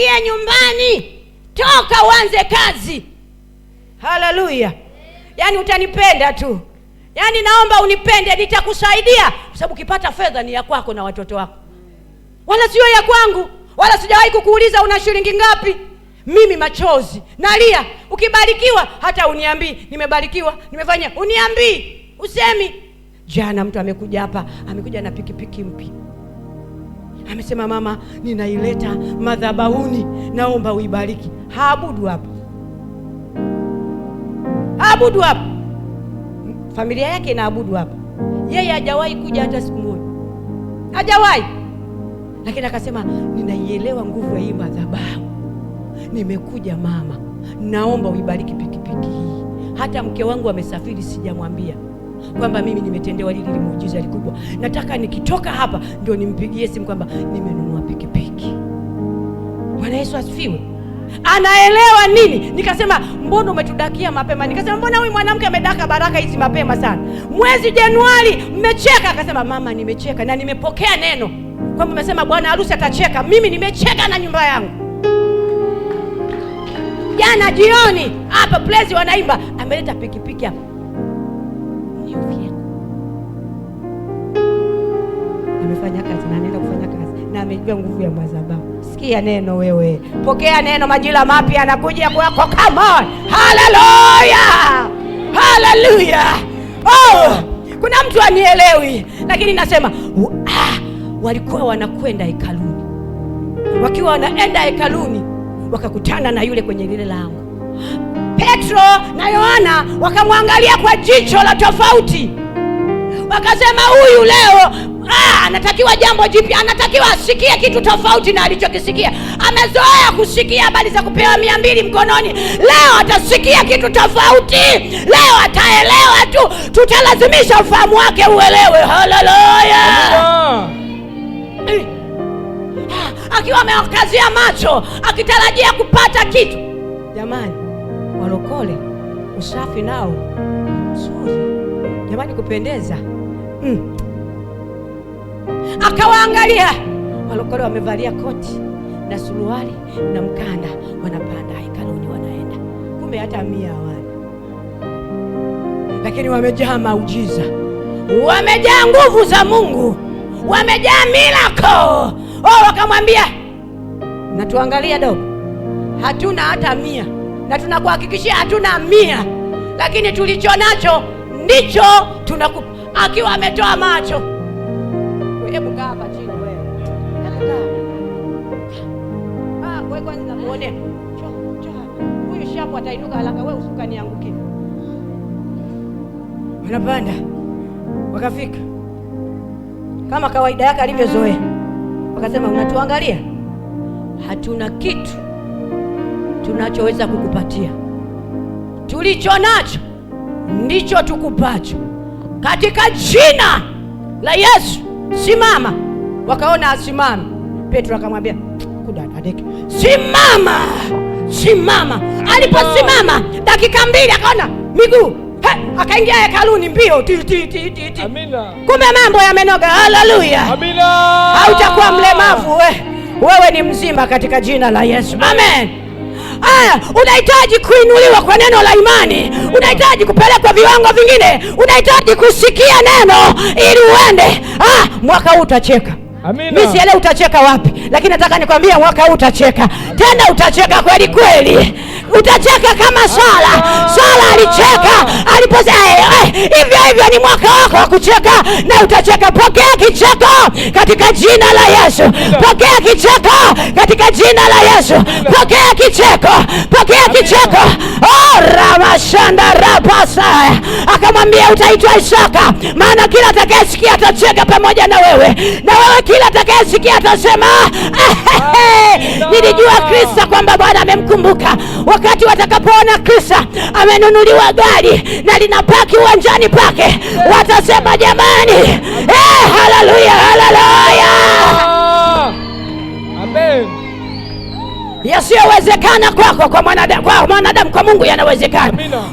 ingia nyumbani, toka uanze kazi. Haleluya! Yaani utanipenda tu, yaani naomba unipende, nitakusaidia kwa sababu ukipata fedha ni ya kwako na watoto wako, wala sio ya kwangu, wala sijawahi kukuuliza una shilingi ngapi. Mimi machozi nalia. Ukibarikiwa hata uniambii nimebarikiwa, nimefanya, uniambii, usemi. Jana mtu amekuja hapa, amekuja na pikipiki mpya Amesema, mama, ninaileta madhabahuni, naomba uibariki. Haabudu hapo, haabudu hapo, familia yake inaabudu hapo. Yeye hajawahi kuja hata siku moja, hajawahi. Lakini akasema, ninaielewa nguvu ya hii madhabahu, nimekuja mama, naomba uibariki pikipiki hii. Hata mke wangu amesafiri, sijamwambia kwamba mimi nimetendewa lili muujiza likubwa, nataka nikitoka hapa ndio nimpigie simu kwamba nimenunua pikipiki. Bwana Yesu asifiwe. Anaelewa nini? Nikasema mbona umetudakia mapema? Nikasema mbona huyu mwanamke amedaka baraka hizi mapema sana? Mwezi Januari mmecheka. Akasema mama, nimecheka na nimepokea neno kwamba umesema bwana harusi atacheka. Mimi nimecheka na nyumba yangu. Jana jioni hapa plezi wanaimba, ameleta pikipiki hapa kufanya kazi na anaenda kufanya kazi na amejua nguvu ya madhabahu. Sikia neno wewe, pokea neno, majira mapya anakuja kwako. Come on, haleluya, haleluya. Oh, kuna mtu anielewi, lakini nasema ah, walikuwa wanakwenda hekaluni, wakiwa wanaenda hekaluni wakakutana na yule kwenye lile lango. Petro na Yohana wakamwangalia kwa jicho la tofauti, wakasema huyu leo Ah, anatakiwa jambo jipya, anatakiwa asikie kitu tofauti na alichokisikia. Amezoea kusikia habari za kupewa mia mbili mkononi, leo atasikia kitu tofauti, leo ataelewa tu, tutalazimisha ufahamu wake uelewe. Haleluya! Ah, akiwa amewakazia macho akitarajia kupata kitu. Jamani, walokole usafi nao mzuri, jamani kupendeza mm akawaangalia walokole wamevalia koti na suruali na mkanda, wanapanda hekaluni, wanaenda kumbe hata mia hawana, lakini wamejaa maujiza, wamejaa nguvu za Mungu, wamejaa milako. O, oh, wakamwambia natuangalia dogo, hatuna hata mia, na tunakuhakikishia hatuna mia, lakini tulicho nacho ndicho tunakupa. Akiwa ametoa macho Hebu kaa hapa chini wewe. Ah, wewe kwanza Huyu shapu atainuka haraka, wewe Wanapanda. Wakafika. Kama kawaida yake alivyozoea. Wakasema unatuangalia? Hatuna kitu tunachoweza kukupatia. Tulicho nacho ndicho tukupacho. Katika jina la Yesu simama. Wakaona asimame Petro akamwambia kudadadeki, simama, simama. Aliposimama dakika mbili akaona miguu akaingia hekaluni mbio ti, ti, ti, ti, ti. Kumbe mambo yamenoga. Haleluya, hautakuwa mlemavu we. Wewe ni mzima katika jina la Yesu, amen. Haya, unahitaji kuinuliwa kwa neno la imani, unahitaji kupelekwa viwango vingine, unahitaji kusikia neno ili uende. Ah, mwaka huu utacheka. Amina. Mimi sielewi utacheka wapi, lakini nataka nikwambie mwaka huu utacheka, tena utacheka kweli kweli. Utacheka kama swala swala alicheka aliposema eh, eh, hivyo hivyo, ni mwaka wako wa kucheka na utacheka. Pokea kicheko katika jina la Yesu, pokea kicheko katika jina la Yesu, pokea kicheko, pokea kicheko. Oh, ramashanda rapasa akamwambia, utaitwa Isaka, maana kila atakayesikia atacheka pamoja na wewe, na wewe kila atakayesikia atasema, ah, nilijua Kristo kwamba Bwana amemkumbuka wakati watakapoona Krista amenunuliwa gari na linapaki uwanjani pake, watasema jamani, eh, haleluya, haleluya. Yasiyowezekana kwako kwa mwanadamu, kwa mwanadamu, kwa Mungu yanawezekana.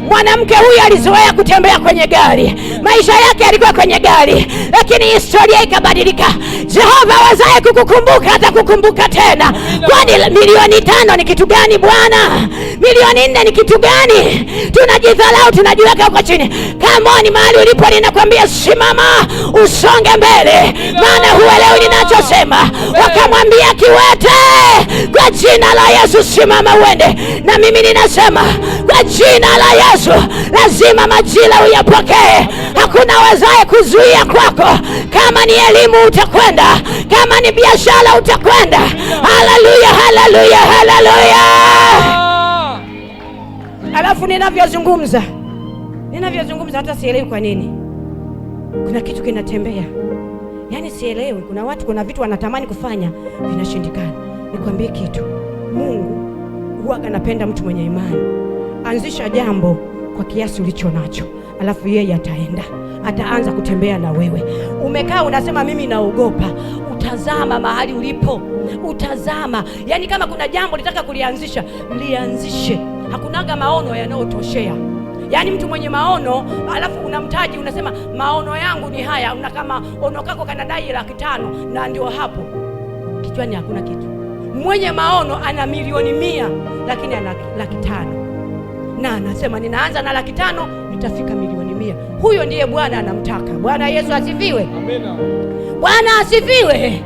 Mwanamke huyu alizoea kutembea kwenye gari, maisha yake yalikuwa kwenye gari, lakini historia ikabadilika. Jehova awezaye kukukumbuka atakukumbuka tena. Kwani milioni tano ni kitu gani Bwana? Milioni nne ni kitu gani? tunajidhalau tunajiweka huko chini. Kamoni, mahali ulipo ninakwambia simama, usonge mbele, maana huelewi ninachosema. Wakamwambia kiwete, kwa jina la Yesu, simama uende. Na mimi ninasema kwa jina la Yesu, lazima majira uyapokee. Hakuna wazaye kuzuia kwako. Kama ni elimu utakwenda, kama ni biashara utakwenda. Haleluya, haleluya, haleluya! Alafu ninavyozungumza, ninavyozungumza hata sielewi kwa nini kuna kitu kinatembea, yaani sielewi. Kuna watu, kuna vitu wanatamani kufanya vinashindikana. Nikwambie kitu Mungu huwa anapenda mtu mwenye imani. Anzisha jambo kwa kiasi ulicho nacho, alafu yeye ataenda, ataanza kutembea na wewe. Umekaa unasema mimi naogopa, utazama mahali ulipo, utazama. Yaani kama kuna jambo litaka kulianzisha, lianzishe. Hakunaga maono yanayotoshea. Yaani mtu mwenye maono alafu unamtaji unasema maono yangu ni haya, una kama ono kako kanadai laki tano na ndio hapo kichwani hakuna kitu. Mwenye maono ana milioni mia lakini ana laki tano na anasema ninaanza na laki tano nitafika milioni mia. Huyo ndiye Bwana anamtaka. Bwana Yesu asifiwe, amina. Bwana asifiwe,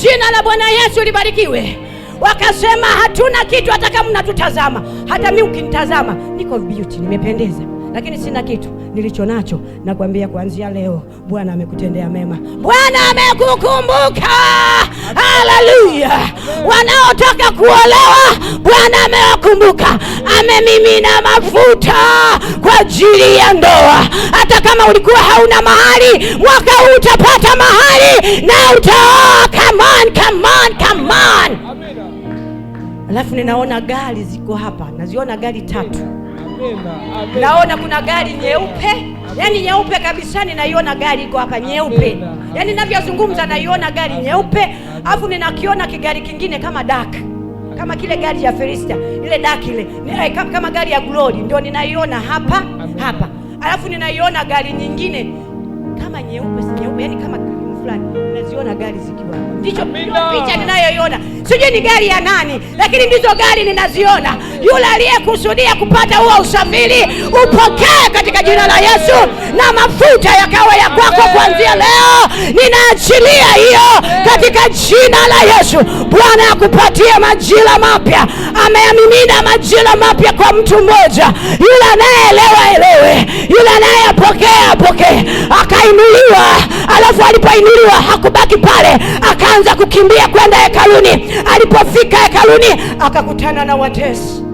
jina la Bwana Yesu libarikiwe. Wakasema hatuna kitu, hata kama mnatutazama. Hata mimi ukinitazama niko beauty, nimependeza, lakini sina kitu nilicho nacho, nakwambia kuanzia leo Bwana amekutendea mema, Bwana amekukumbuka. Haleluya! wanaotaka kuolewa Bwana amewakumbuka, amemimina mafuta kwa ajili ya ndoa. Hata kama ulikuwa hauna mahali, mwaka huu utapata mahali na utaoa. Come on, come on, come on. Alafu ninaona gari ziko hapa, naziona gari tatu Naona kuna gari nyeupe, yaani nyeupe kabisa, ninaiona gari iko hapa nyeupe, yaani navyozungumza naiona gari nyeupe, alafu ninakiona kigari kingine kama dark kama kile gari ya Felista ile dark ile kama gari ya Glory, ndio ninaiona hapa hapa, alafu ninaiona gari nyingine kama nyeupe, si nyeupe, yaani kama fulani, naziona gari zikiwa, ndicho picha ninayoiona sijui ni gari ya nani, lakini ndizo gari ninaziona. Yule aliyekusudia kupata huo usafiri upokee katika jina la Yesu, na mafuta yakawa ya kwako kuanzia leo. Ninaachilia hiyo katika jina la Yesu. Bwana akupatie majira mapya, ameyamimina majira mapya kwa mtu mmoja. Yule anayeelewa elewe, yule anayepokea apokee. Akainuliwa, alafu alipoinuliwa hakubaki pale, akaanza kukimbia kwenda hekaluni Alipofika hekaluni akakutana na watesi,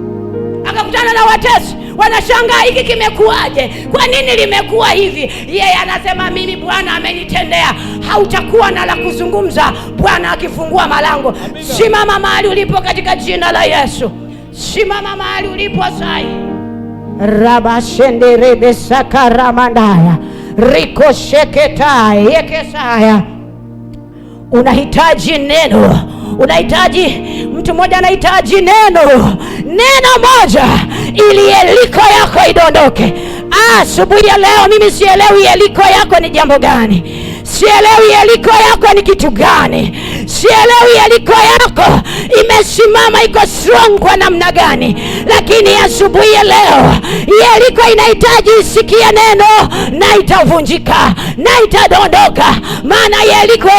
akakutana na watesi wanashangaa hiki kimekuwaje? Kwa nini limekuwa hivi? Yeye anasema mimi Bwana amenitendea. Hautakuwa na la kuzungumza, Bwana akifungua malango. Simama mahali ulipo katika jina la Yesu, simama mahali ulipo sai. rabashenderebesakaramandaya rikosheketa yekesaya, unahitaji neno Unahitaji mtu mmoja, anahitaji neno, neno moja ili eliko yako idondoke asubuhi ya leo. Mimi sielewi eliko yako ni jambo gani Sielewi yaliko yako ni kitu gani? Sielewi yaliko yako imesimama iko strong kwa namna gani, lakini asubuhi ya leo Yeriko inahitaji isikie neno na itavunjika na itadondoka, maana yaliko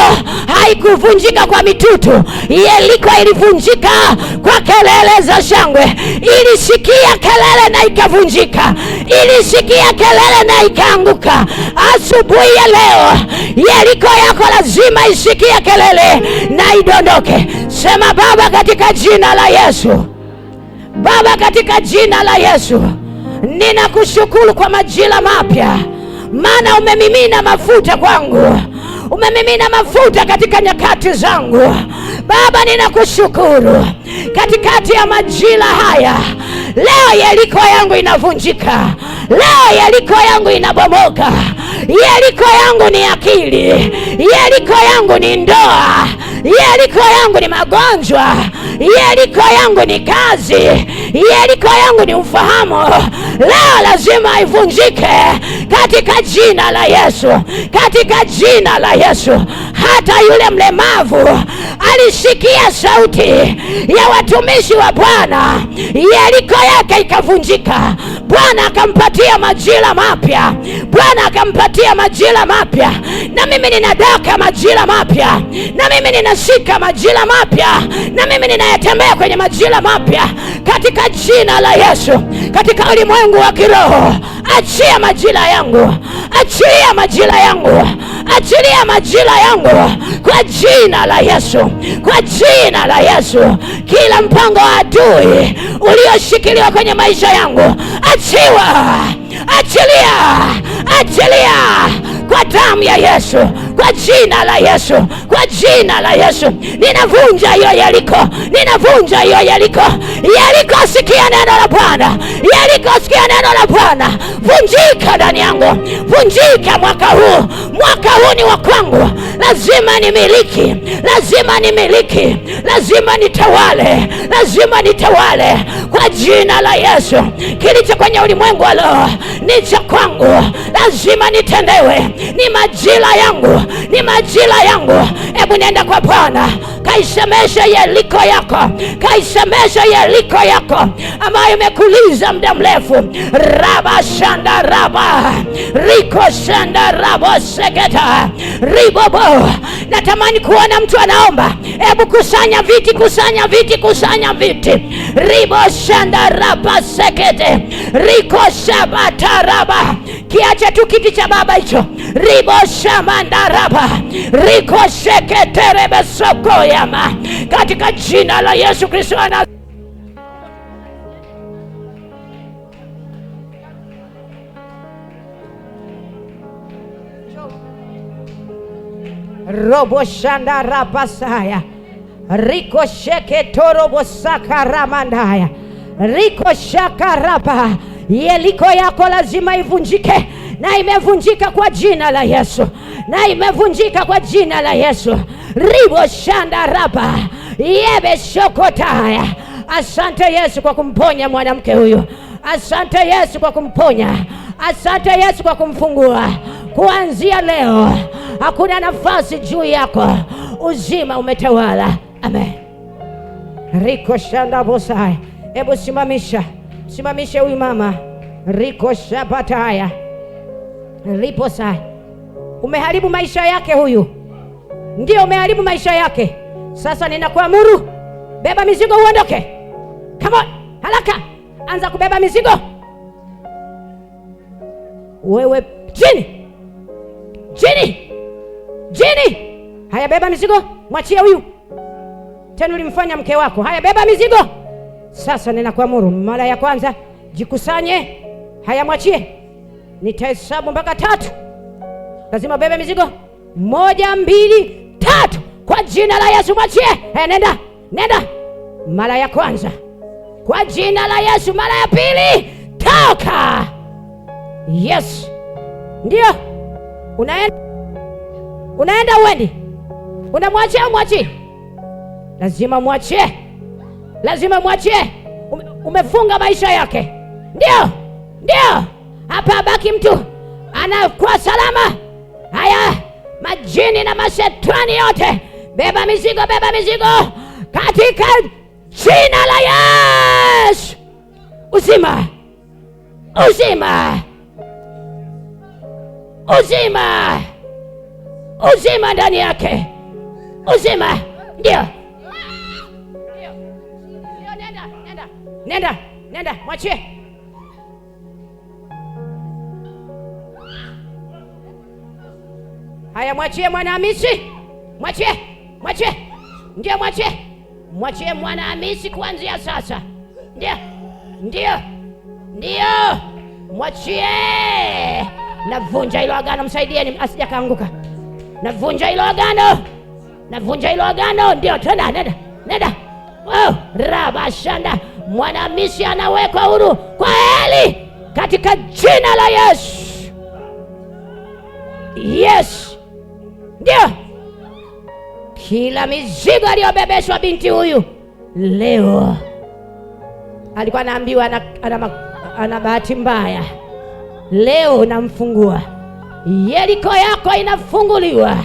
haikuvunjika kwa mitutu. yaliko ilivunjika kwa kelele za shangwe. Ilisikia kelele na ikavunjika, ilisikia kelele na ikaanguka. Asubuhi ya leo Yeriko yako lazima isikie kelele na idondoke. Sema Baba, katika jina la Yesu. Baba, katika jina la Yesu, ninakushukuru kwa majira mapya, maana umemimina mafuta kwangu, umemimina mafuta katika nyakati zangu. Baba, ninakushukuru katikati ya majira haya. Leo Yeriko yangu inavunjika, leo Yeriko yangu inabomoka. Yeriko yangu ni akili, Yeriko yangu ni ndoa, Yeriko yangu ni magonjwa, Yeriko yangu ni kazi, Yeriko yangu ni ufahamu. Leo lazima ivunjike katika jina la Yesu, katika jina la Yesu hata yule mlemavu alishikia sauti ya watumishi wa Bwana, Yeriko yake ikavunjika. Bwana akampatia majira mapya, Bwana akampatia majira mapya. Na mimi ninadaka majira mapya, na mimi ninashika majira mapya, na mimi ninayatembea kwenye majira mapya katika jina la Yesu katika ulimwengu wa kiroho. Achia majira yangu, achilia majira yangu, achilia majira yangu kwa jina la Yesu, kwa jina la Yesu. Kila mpango wa adui ulioshikiliwa kwenye maisha yangu achiwa, achilia, achilia kwa damu ya Yesu kwa jina la Yesu, kwa jina la Yesu ninavunja hiyo Yeriko, ninavunja hiyo Yeriko. Yeriko, sikia neno la Bwana. Yeriko, sikia neno la Bwana. Vunjika ndani yangu, vunjika mwaka huu. Mwaka huu ni wa kwangu, lazima nimiliki, lazima nimiliki, lazima nitawale, lazima nitawale kwa jina la Yesu. Kilicho kwenye ulimwengu wa leo ni cha kwangu, lazima nitendewe, ni majira yangu ni majira yangu. Hebu nienda kwa Bwana, kaisemeshe Yeriko yako, kaisemeshe Yeriko yako ambayo imekuliza muda mrefu. raba shanda raba riko shanda rabo seketa ribobo. Natamani kuona mtu anaomba. Hebu kusanya viti, kusanya viti, kusanya viti. ribo shanda raba sekete riko shabata raba, Kiache tu kiti cha baba hicho ribo shamandara baba rikosheketerebesokoyama katika jina la Yesu Kristo ana riko roboshanda rabasaya rikosheketorobosakarabandaya rikoshakaraba Yeriko yako lazima ivunjike, na imevunjika kwa jina la Yesu, na imevunjika kwa jina la Yesu. ribo shanda raba yebe haya Asante Yesu kwa kumponya mwanamke huyu. Asante Yesu kwa kumponya. Asante Yesu kwa kumfungua. Kuanzia leo hakuna nafasi juu yako, uzima umetawala. Amen. riko shanda bosai. Hebu simamisha Simamishe huyu mama riko haya lipo saa. Umeharibu maisha yake huyu, ndio umeharibu maisha yake. Sasa ninakuamuru beba mizigo uondoke. Come on, haraka, anza kubeba mizigo wewe. Jini, jini, jini, haya, beba mizigo, mwachie huyu. Tena ulimfanya mke wako. Haya, beba mizigo. Sasa ninakuamuru mara ya kwanza, jikusanye, hayamwachie. Nitahesabu mpaka tatu, lazima bebe mizigo. Moja, mbili, tatu, kwa jina la Yesu mwachie. Hey, eh, nenda nenda, mara ya kwanza, kwa jina la Yesu. Mara ya pili, toka. Yes, ndio unaenda, unaenda, uendi, unamwachia, umwachie, lazima mwachie lazima mwachie. Umefunga maisha yake, ndio ndio, hapa baki mtu anakuwa salama. Haya majini na mashetani yote, beba mizigo, beba mizigo katika jina la Yesu. Uzima, uzima, uzima, uzima ndani yake, uzima ndio Nenda, nenda, mwachie. Haya, mwachie Mwanahamisi, mwachie, mwachie, ndio mwachie, mwachie Mwanahamisi kuanzia sasa. Ndio, ndio, ndio, mwachie. Navunja hilo agano, msaidieni asijakaanguka. Navunja hilo agano, navunja hilo agano. Ndio, tena, nenda, nenda. Oh, rabashanda mwanamisi anawekwa huru kwa heli katika jina la Yesu. Yes, ndio kila mizigo aliyobebeshwa binti huyu leo, alikuwa anaambiwa ana, ana, ana bahati mbaya. Leo namfungua Yeriko yako inafunguliwa,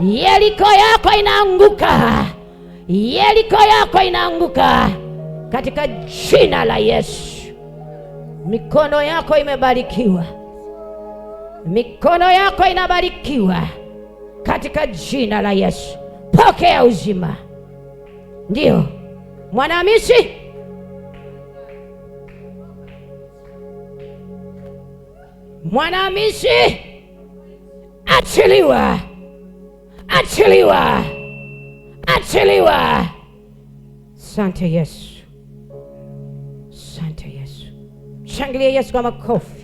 Yeriko yako inaanguka, Yeriko yako inaanguka katika jina la Yesu. Mikono yako imebarikiwa, mikono yako inabarikiwa katika jina la Yesu. Pokea uzima. Ndiyo Mwanamisi, Mwanamisi, achiliwa, achiliwa, achiliwa. Sante Yesu. Shangilia Yesu kwa cough.